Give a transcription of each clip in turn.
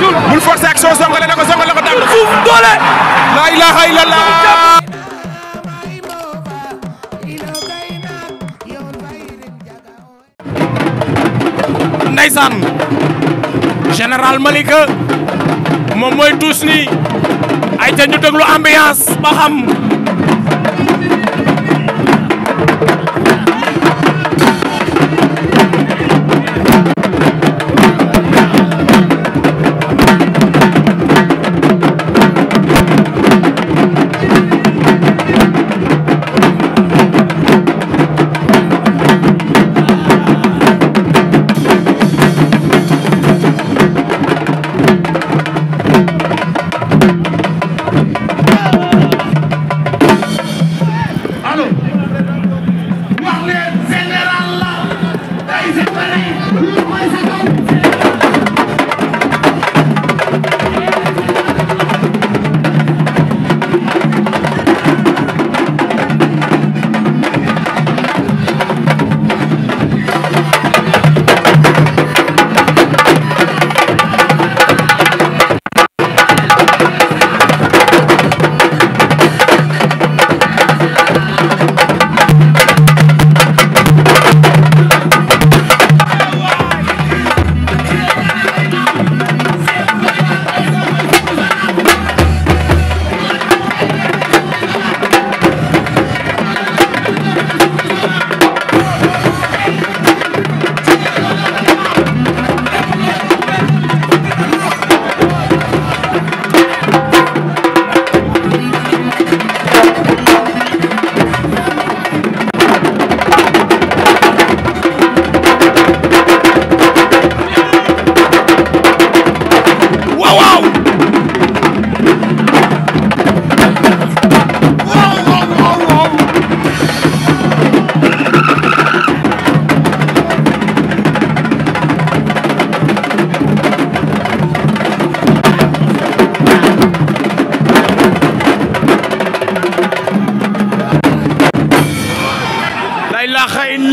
Oh, bul forcer ak soo songale na ko songale na ko daan na fuuf doole. la ilaha illallah. ndeysaan général Malika moom mooy tuus ni ay ca ñu déglu ambiance ba xam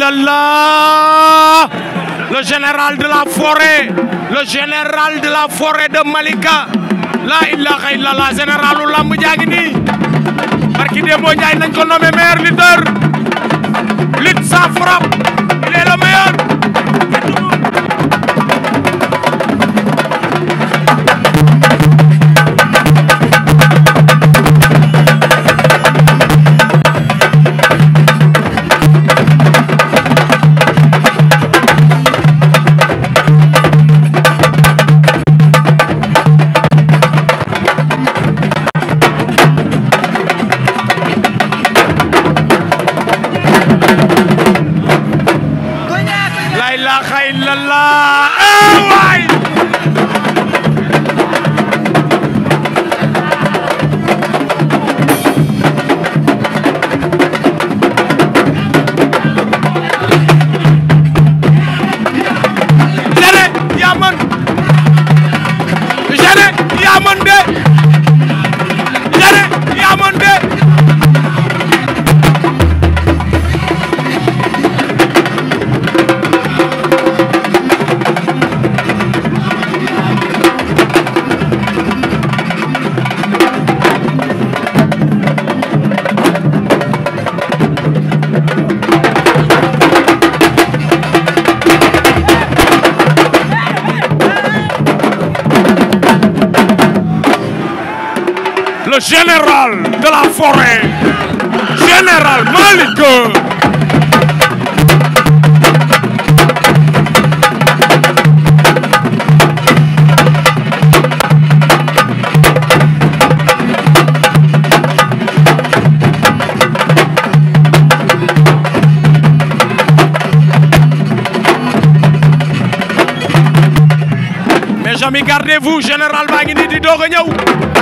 illallah le général de la forêt le général de la forêt de Malika la ilaha illallah généralu lamb jaangi nii barki Dembo Ndiaye nañ ko nommé meilleur lutteur lutte sans frappe il est le général de la forêt général Malick mais jamais gardez-vous général baa ngi nii di doog a ñëw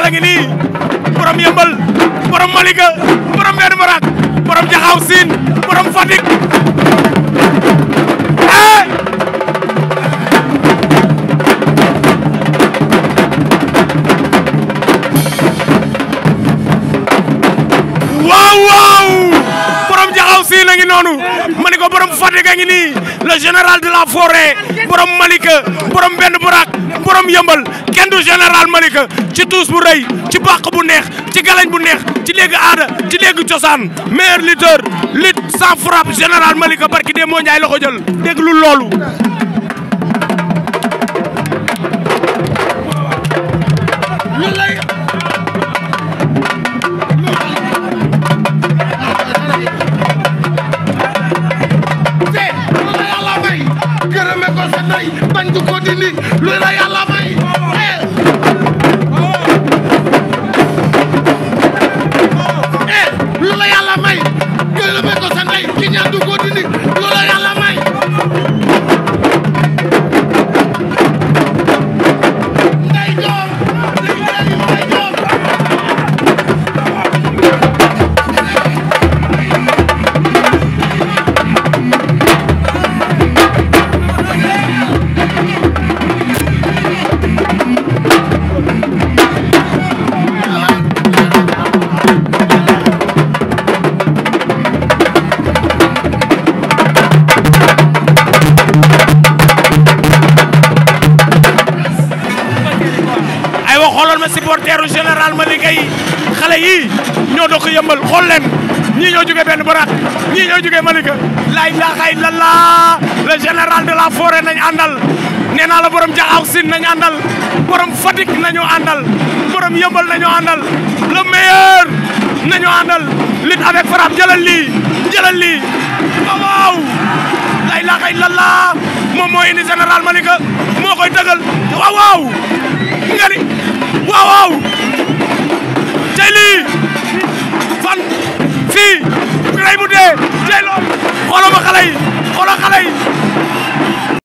Fall a ngi nii borom Yëmbal borom Malika borom Medou Barak noonu ma ni ko borom Fatick ngi nii le général de la forêt borom Malika borom benn barak borom yëmbal kenn du général Malika ci tuus bu rëy ci bàq bu neex ci galañ bu neex ci léegi aada ci léegi cosaan meilleur lutteur lutte sans frappe général Malika barki dee moo ñaay la ko loolu ba sa ndey bañ du ko dindi lu la yàlla ñoo dox yëmbal xool leen ñii ñoo jógee benn baraat ñii ñoo jógee Malika la ilaha illallah le général de la forêt nañ àndal nee naa la borom jaxaw sin nañ àndal borom Fatick nañu àndal borom yëmbal nañu àndal le meilleur nañu àndal lutte avec frappe jëlal lii jëlal lii waaw la ilaha illallah moom moo indi général Malika moo koy dëgal waaw waaw nga waaw waaw tey lii fan fii rey dee tey loolu ma xale yi xoolal xale yi